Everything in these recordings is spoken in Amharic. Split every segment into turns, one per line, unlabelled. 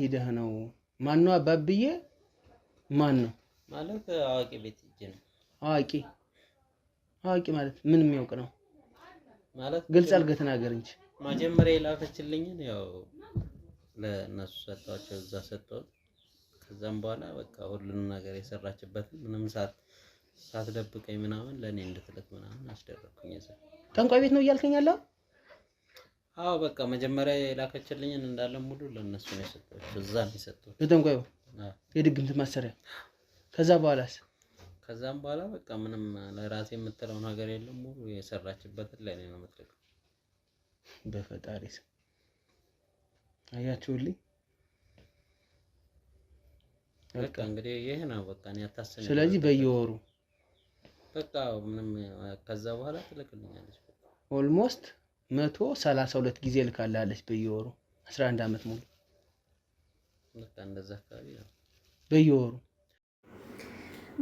ሂደህ ነው? ነው አባብዬ ማን ነው
ማለት? አዋቂ ቤት ሂጅ ነው።
አዋቂ አዋቂ ማለት ምን የሚያውቅ ነው ማለት? ግልጽ አድርገህ ተናገር እንጂ
መጀመሪያ የላከችልኝን ያው ለእነሱ ሰጠኋቸው፣ እዛ ሰጠሁት። ከዛም በኋላ በቃ ሁሉንም ነገር የሰራችበትን ምንም ሰዓት ሳትደብቀኝ ምናምን ለእኔ እንድትልክ ምናምን አስደረግኩኝ።
ጠንቋይ ቤት ነው እያልከኝ ያለው
አዎ በቃ መጀመሪያ የላከችልኝን እንዳለ ሙሉ ለነሱ ነው የሰጠሁት። እዛ ነው የሰጠሁት
የጠንቋዩ የድግምት ማሰሪያ። ከዛ በኋላስ?
ከዛም በኋላ በቃ ምንም ለራሴ የምትለው ነገር የለም። ሙሉ የሰራችበትን ለእኔ ነው የምትለው።
በፈጣሪ ስም አያችሁልኝ።
በቃ እንግዲህ ይህ ነው በቃ እኔ አታስብ።
ስለዚህ በየወሩ
በቃ ምንም ከዛ በኋላ ትልክልኛለች
ኦልሞስት መቶ ሰላሳ ሁለት ጊዜ ልካላለች በየወሩ አስራ አንድ ዓመት ሙሉ በየወሩ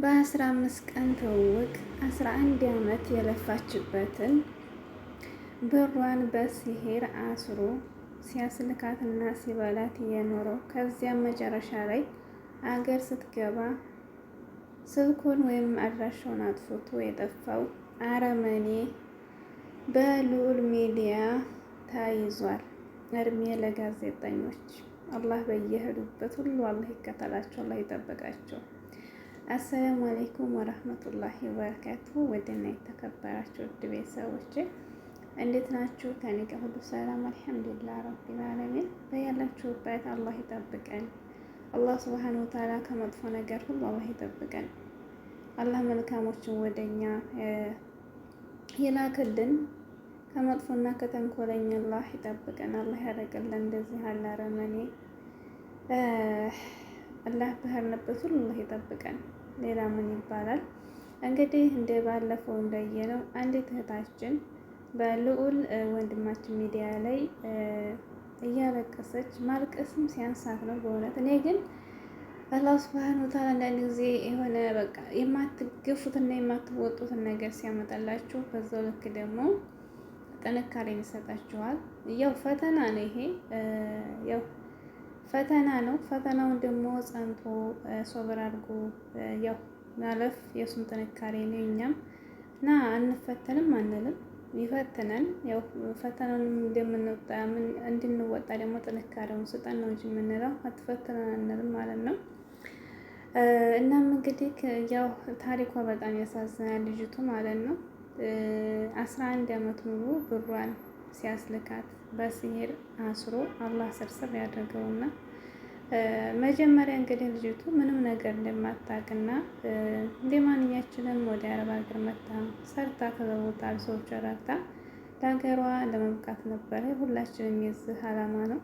በአስራ አምስት ቀን ትውውቅ አስራ አንድ የለፋችበትን ብሯን በሲሄር አስሮ ሲያስልካትና ሲበላት እየኖረው ከዚያም መጨረሻ ላይ አገር ስትገባ ስልኩን ወይም አድራሻውን አጥፍቶ የጠፋው አረመኔ በልዑል ሚዲያ ተይዟል። እድሜ ለጋዜጠኞች። አላህ በየሄዱበት ሁሉ አላህ ይከተላቸው፣ አላህ ይጠበቃቸው። አሰላሙ አለይኩም ወረህመቱላሂ ወበረካቱ። ወደና የተከበራችሁ ውድ ቤተሰቦቼ እንዴት ናችሁ? ከኔ ጋር ሁሉ ሰላም አልሐምዱሊላህ ረቢል ዓለሚን። በያላችሁበት አላህ ይጠብቀን። አላህ ስብሓነ ወተዓላ ከመጥፎ ነገር ሁሉ አላህ ይጠብቀን። አላህ መልካሞችን ወደኛ የላክልን ከመጥፎና ከተንኮለኛ አላህ ይጠብቀን። አላህ ያደረገልን እንደዚህ ያለ አረመኔ አላህ በህርንበት ሁሉ አላህ ይጠብቀን። ሌላ ምን ይባላል? እንግዲህ እንደ ባለፈው እንደየነው አንዲት እህታችን በልዑል ወንድማችን ሚዲያ ላይ እያለቀሰች ማልቀስም ሲያንሳት ነው በእውነት እኔ ግን አላህ ስብሐነ ወተዓላ አንዳንድ ጊዜ የሆነ በቃ የማትገፉትና የማትወጡትን ነገር ሲያመጣላችሁ በዛው ልክ ደግሞ ጥንካሬን ይሰጣችኋል። ያው ፈተና ነው ይሄ ያው ፈተና ነው። ፈተናውን ደግሞ ጸንቶ ሶብር አድርጎ ያው ማለፍ የእሱም ጥንካሬ ነው። እኛም እና አንፈተንም አንልም፣ ይፈትነን። ያው ፈተናውንም እንደምንወጣ እንድንወጣ ደግሞ ጥንካሬውን ስጠን ነው እንጂ የምንለው አትፈተነን አንልም ማለት ነው። እናም እንግዲህ ያው ታሪኳ በጣም ያሳዝናል። ልጅቱ ማለት ነው አስራ አንድ አመት ሙሉ ብሯን ሲያስልካት በስሄር አስሮ አላህ ስርስር ና መጀመሪያ እንግዲህ ልጅቱ ምንም ነገር እንደማታውቅና እንደ ማንኛችንም ወደ አረብ ሀገር መታ ሰርታ ከበቦታ ሰዎች ረታ ለሀገሯ ለመብቃት ነበረ ሁላችንም የዚህ አላማ ነው።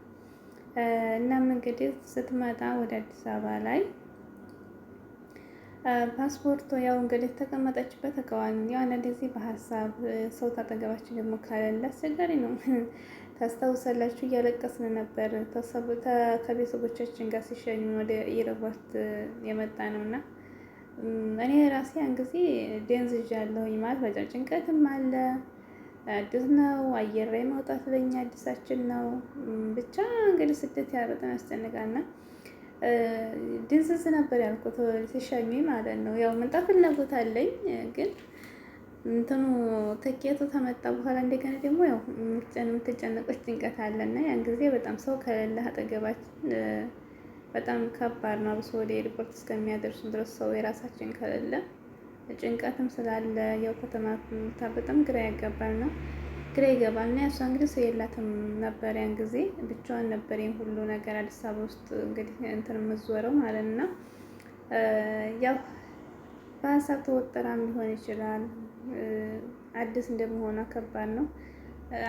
እናም እንግዲህ ስትመጣ ወደ አዲስ አበባ ላይ ፓስፖርቱ ያው እንግዲህ ተቀመጠችበት እቃዋን ያው አንዳንድ ጊዜ በሀሳብ ሰው ታጠገባችሁ ደግሞ ካለለ አስቸጋሪ ነው። ታስታውሳላችሁ እያለቀስን ነበር ከቤተሰቦቻችን ጋር ሲሸኙ ወደ ኤርፖርት የመጣ ነው እና እኔ ራሴ ያን ጊዜ ደንዝዣለሁኝ ማለት በጫ ጭንቀትም አለ። አዲስ ነው አየር ላይ መውጣት ለኛ አዲሳችን ነው። ብቻ እንግዲህ ስደት ያበጠን ያስጨንቃልና ድንስስ ነበር ያልኩት ሲሸኙ ማለት ነው። ያው ምንጣ ፍላጎት አለኝ ግን እንትኑ ትኬቱ ከመጣ በኋላ እንደገና ደግሞ ያው የምትጨነቆች ጭንቀት አለና ያን ጊዜ በጣም ሰው ከሌለ አጠገባችን በጣም ከባድ ነው። አብሶ ወደ ኤርፖርት እስከሚያደርሱን ድረስ ሰው የራሳችን ከሌለ ጭንቀትም ስላለ ያው ከተማ በጣም ግራ ያጋባል ነው። ግራ ይገባል። እና እሷ እንግዲህ ሰው የላትም ነበር ያን ጊዜ ብቻዋን ነበር ይሄን ሁሉ ነገር አዲስ አበባ ውስጥ እንግዲህ እንትን የምትዞረው ማለት እና ያው በሀሳብ ተወጠራም ሊሆን ይችላል። አዲስ እንደመሆኗ ከባድ ነው።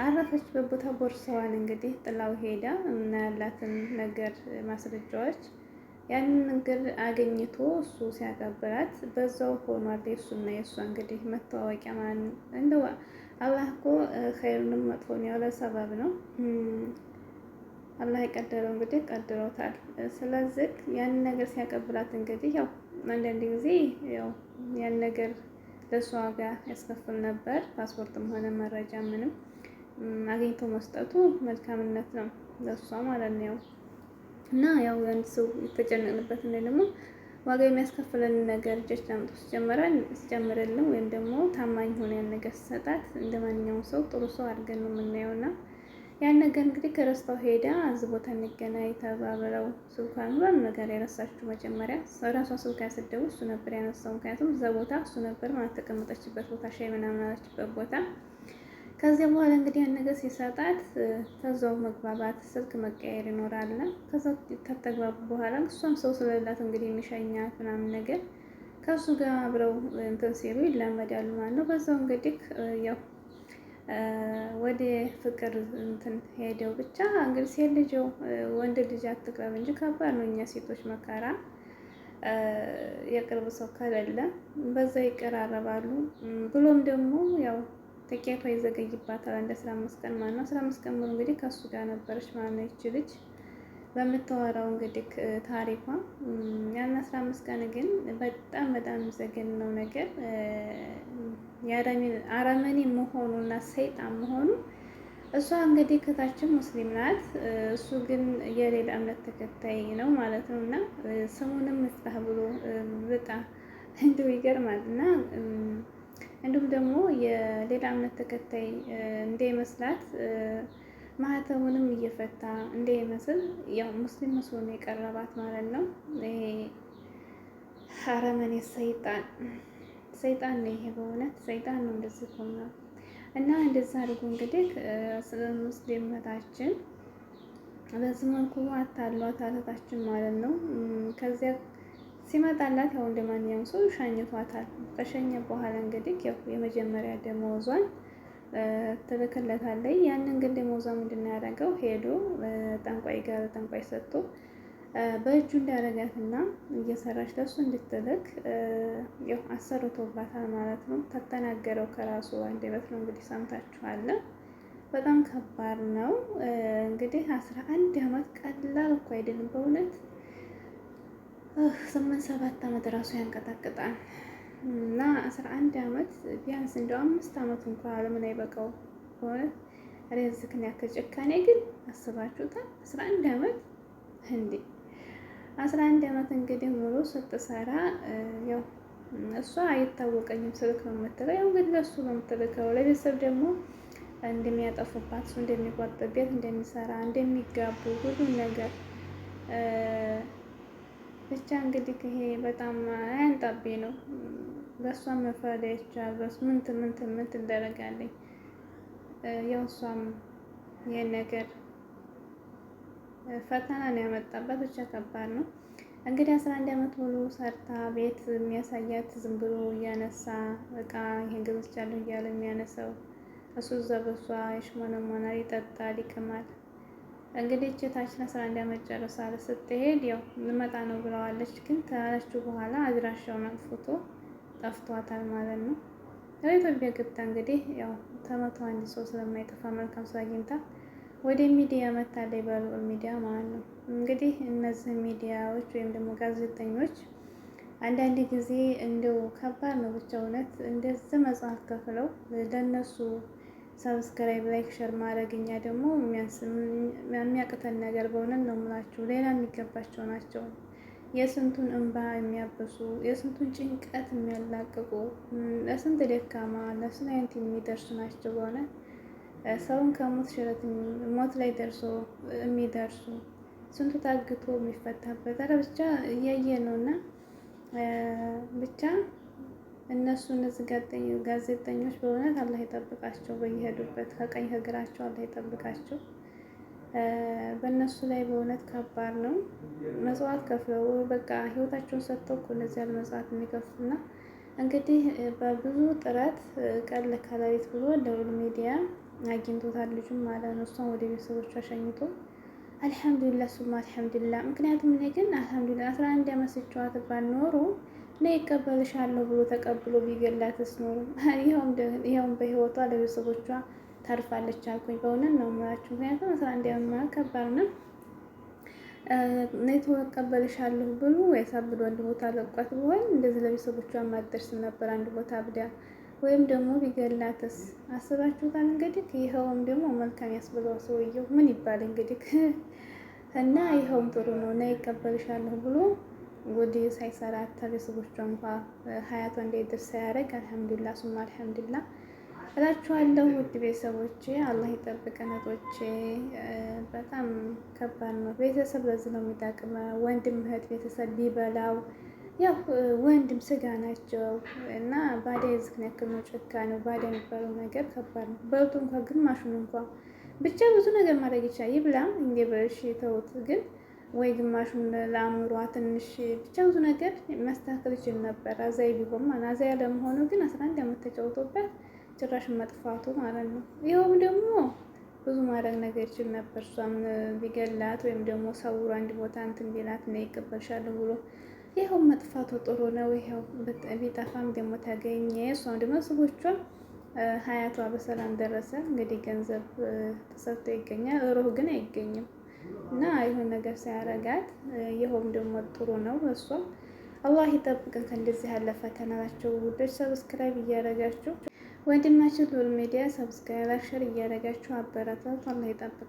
አረፈችበት በቦታ ቦርሳዋን እንግዲህ ጥላው ሄዳ እና ያላትን ነገር ማስረጃዎች ያንን ነገር አገኝቶ እሱ ሲያቀብላት በዛው ሆኗል። የእሱና የእሷ እንግዲህ መተዋወቂያ ማን ነው እንደው አላህ እኮ ኸይሩንም መጥፎን ያለ ሰበብ ነው። አላህ የቀደረው እንግዲህ ቀድሮታል። ስለዚህ ያን ነገር ሲያቀብላት እንግዲህ ያው አንዳንድ ጊዜ ያው ያን ነገር ለእሷ ዋጋ ያስከፍል ነበር። ፓስፖርትም ሆነ መረጃ ምንም አግኝቶ መስጠቱ መልካምነት ነው ለእሷ ማለት ነው። ያው እና ያው አንድ ሰው የተጨነቅንበት እንደ ደግሞ ዋጋ የሚያስከፍለን ነገር እጆች አምጦ ሲጀምራል ሲጀምርልን ወይም ደግሞ ታማኝ ሆነ ያን ነገር ሲሰጣት እንደ ማንኛውም ሰው ጥሩ ሰው አድርገን ነው የምናየው ና ያን ነገር እንግዲህ ከረስታው ሄዳ እዚህ ቦታ እንገናኝ ተባብለው ስልኳን ሁሉም ነገር የረሳችሁ መጀመሪያ ራሷ ስልክ ያስደቡ እሱ ነበር ያነሳው። ምክንያቱም እዛ ቦታ እሱ ነበር ማለት ተቀመጠችበት ቦታ ሻይ ምናምን አለችበት ቦታ ከዚያ በኋላ እንግዲህ ያን ነገር ሲሰጣት ከዛው መግባባት ስልክ መቀየር ይኖራል። ከዛው ከተግባቡ በኋላ እሷም ሰው ስለሌላት እንግዲህ የሚሻኛት ምናምን ነገር ከሱ ጋር አብረው እንትን ሲሉ ይላመዳሉ ማለት ነው። በዛው እንግዲህ ያው ወደ ፍቅር እንትን ሄደው ብቻ እንግዲህ ሴት ልጅ ወንድ ልጅ አትቅረብ እንጂ ከባድ ነው እኛ ሴቶች መከራ የቅርብ ሰው ከሌለ በዛ ይቀራረባሉ። ብሎም ደግሞ ያው ጥቂቷ ይዘገይባታል። አንድ አስራ አምስት ቀን ማለት ነው። አስራ አምስት ቀን ሙሉ እንግዲህ ከእሱ ጋር ነበረች ማለት ነው ልጅ በምታወራው እንግዲህ ታሪኳ ያን አስራ አምስት ቀን ግን በጣም በጣም ነው ነገር አረመኔ መሆኑ እና ሰይጣን መሆኑ። እሷ እንግዲህ ከታችን ሙስሊም ናት፣ እሱ ግን የሌላ እምነት ተከታይ ነው ማለት ነው። እና ስሙንም ብሎ በጣም እንዲሁ ይገርማል እና እንዲሁም ደግሞ የሌላ እምነት ተከታይ እንደ እንዳይመስላት ማህተሙንም እየፈታ እንደ ይመስል ያው ሙስሊም መስሎ የቀረባት ማለት ነው። ይሄ አረመኔ ሰይጣን ሰይጣን ነው ይሄ በእውነት ሰይጣን ነው እንደዚህ ሆና እና እንደዛ አድርጎ እንግዲህ ስለ ሙስሊም እህታችን በዚህ መልኩ አታሏት አለታችን ማለት ነው። ከዚያ ሲመጣላት ያው እንደ ማንኛውም ሰው ሸኝቷታል። ከሸኘ በኋላ እንግዲህ ያው የመጀመሪያ ደመወዟን ትልክለታለች። ያንን ግን ደመወዟ ምንድን ነው ያደረገው? ሄዶ ጠንቋይ ጋር ጠንቋይ ሰጥቶ በእጁ እንዳደረጋትና እየሰራች ለሱ እንድትልክ ያው አሰርቶባታል ማለት ነው። ተተናገረው ከራሱ አንደበት ነው እንግዲህ ሰምታችኋለ። በጣም ከባድ ነው እንግዲህ አስራ አንድ አመት ቀላል እኮ አይደለም በእውነት ስምንት ሰባት ዓመት ራሱ ያንቀጠቅጣል እና አስራ አንድ ዓመት ቢያንስ እንደው አምስት ዓመት እንኳ ለምን አይበቃው በእውነት ሬዝክን ያክል ጭካኔ ግን አስባችሁታል። አስራ አንድ ዓመት እንዴ አስራ አንድ ዓመት እንግዲህ ሙሉ ስትሰራ ያው እሷ አይታወቀኝም ስልክ ነው የምትለው። ያው እንግዲህ ለሱ ነው የምትልከው። ለቤተሰብ ደግሞ እንደሚያጠፉባት እሱ እንደሚቆጥብ ቤት እንደሚሰራ እንደሚጋቡ ሁሉን ነገር ብቻ እንግዲህ ይሄ በጣም አያንጣቤ ነው። በእሷ መፍረድ አይቻል። በሱ ምንት ምንት ምንት እንደረጋለኝ ያው እሷም ይህን ነገር ፈተና ነው ያመጣበት። ብቻ ከባድ ነው እንግዲህ አስራ አንድ አመት ሙሉ ሰርታ ቤት የሚያሳያት ዝም ብሎ እያነሳ እቃ ይሄን ገዝቻለሁ እያለ የሚያነሳው እሱ እዛ በሷ ይሽሞነሞናል፣ ይጠጣል፣ ይቅማል። እንግዲህ እችታችን ስራ እንደመጨረስ አለ ስትሄድ ያው ልመጣ ነው ብለዋለች። ግን ተያለችው በኋላ አድራሻውን አጥፍቶ ጠፍቷታል ማለት ነው። ያው ኢትዮጵያ ገብታ እንግዲህ ያው ተመቶ አንድ ሰው ስለማይጠፋ መልካም ስራ አግኝታ ወደ ሚዲያ መታለች፣ በልዑል ሚዲያ ማለት ነው። እንግዲህ እነዚህ ሚዲያዎች ወይም ደግሞ ጋዜጠኞች አንዳንድ ጊዜ እንደው ከባድ ነው ብቻ እውነት እንደዚህ መጽሐፍ ከፍለው ለነሱ ሰብስክራይብ፣ ላይክ፣ ሸር ማድረግ እኛ ደግሞ የሚያቅተን ነገር በእውነት ነው የምላችሁ። ሌላ የሚገባቸው ናቸው። የስንቱን እንባ የሚያብሱ የስንቱን ጭንቀት የሚያላቅቁ ለስንት ደካማ ለስንት አይነት የሚደርሱ ናቸው። በሆነ ሰውን ከሞት ሽረት ሞት ላይ ደርሶ የሚደርሱ ስንቱ ታግቶ የሚፈታበት ኧረ ብቻ እያየ ነው እና ብቻ እነሱ እነዚህ ጋዜጠኞች በእውነት አላህ ይጠብቃቸው፣ በየሄዱበት ከቀኝ ከግራቸው አላህ ይጠብቃቸው። በእነሱ ላይ በእውነት ከባድ ነው። መጽዋት ከፍለው በቃ ህይወታቸውን ሰጥተው እኮ እነዚህ ያለ መጽዋዕት የሚከፍሉና እንግዲህ በብዙ ጥረት ቀን ከሌሊት ብሎ ደውል ሚዲያ አግኝቶታል ልጁም ማለት ነው። እሷን ወደ ቤተሰቦቹ አሸኝቶ አልሐምዱሊላ ሱማ አልሐምዱሊላ። ምክንያቱም እኔ ግን አልሐምዱሊላ አስራ አንድ ያመሰችዋት ባኖሩ እና ይቀበልሻለሁ ብሎ ተቀብሎ ቢገላትስ ኖሮ ይኸውም በህይወቷ ለቤተሰቦቿ ታርፋለች አልኩኝ። በእውነት ነው የምላችሁ። ምክንያቱም አስራ አንድ ያማ ከባድ ነው። እኔ ተቀበልሻለሁ ብሎ ያሳብዶ አንድ ቦታ ለቋት ቢሆን እንደዚህ ለቤተሰቦቿ ማደርስ ነበር። አንድ ቦታ ብዳ ወይም ደግሞ ቢገላትስ አስባችሁታል? እንግዲህ ይኸውም ደግሞ መልካም ያስብለው ሰውየው ምን ይባል እንግዲህ እና ይኸውም ጥሩ ነው እና ይቀበልሻለሁ ብሎ ጉዲ ሳይሰራ ቤተሰቦቿ እንኳ ሀያቷ እንዳይደርስ ሳያደርግ አልሐምዱላ ሱማ አልሐምዱላ እላችኋለሁ። ውድ ቤተሰቦቼ አላህ ይጠብቀን። እህቶቼ በጣም ከባድ ነው። ቤተሰብ በዚህ ነው የሚጠቅመው። ወንድም እህት ቤተሰብ ቢበላው ያው ወንድም ስጋ ናቸው እና ባዳ የዝክን ያክል ነው። ጭካ ነው ባዳ የሚባለው ነገር ከባድ ነው። በልቶ እንኳ ግማሹን እንኳ ብቻ ብዙ ነገር ማድረግ ይቻላል። ይብላም እንደ በሽ ተውት ግን ወይ ግማሹን ለአእምሯ ትንሽ ብቻ ብዙ ነገር መስተካከል ይችል ነበር። አዛይ ቢሆን ማለት አዛይ ለመሆኑ ግን አስራ አንድ ዓመት ተጫውቶበት ጭራሽ መጥፋቱ ማለት ነው። ይኸውም ደግሞ ብዙ ማድረግ ነገር ይችል ነበር። እሷም ቢገላት ወይም ደግሞ ሰውሮ አንድ ቦታ እንትን ቢላት ነው ይቀበልሻለሁ ብሎ ይኸው መጥፋቱ ጥሩ ነው። ይኸው ቢጠፋም ደግሞ ተገኘ። እሷም ደግሞ ስቦቿም ሀያቷ በሰላም ደረሰ። እንግዲህ ገንዘብ ተሰጥቶ ይገኛል፣ ሮህ ግን አይገኝም። እና ይሁን ነገር ሳያረጋት ይኸውም ደግሞ ጥሩ ነው። እሷም አላህ ይጠብቀን ከእንደዚህ ያለ ፈተና ናቸው። ውዶች ሰብስክራይብ እያረጋችሁ ወንድማችን ሉል ሚዲያ ሰብስክራይብ፣ ሸር እያረጋችሁ አበረታት። አላህ ይጠብቀን።